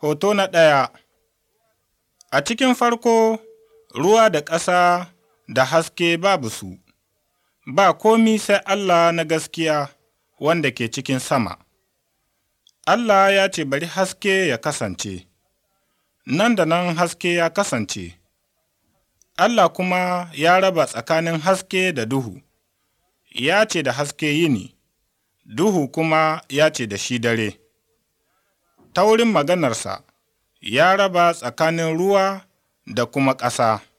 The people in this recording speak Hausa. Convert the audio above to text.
Hoto na ɗaya A cikin farko, ruwa da ƙasa da haske babu su, ba komi sai Allah na gaskiya wanda ke cikin sama. Allah ya ce bari haske ya kasance, nan da nan haske ya kasance. Allah kuma ya raba tsakanin haske da duhu, ya ce da haske yini, duhu kuma ya ce da shi dare. ta wurin maganarsa ya raba tsakanin ruwa da kuma ƙasa.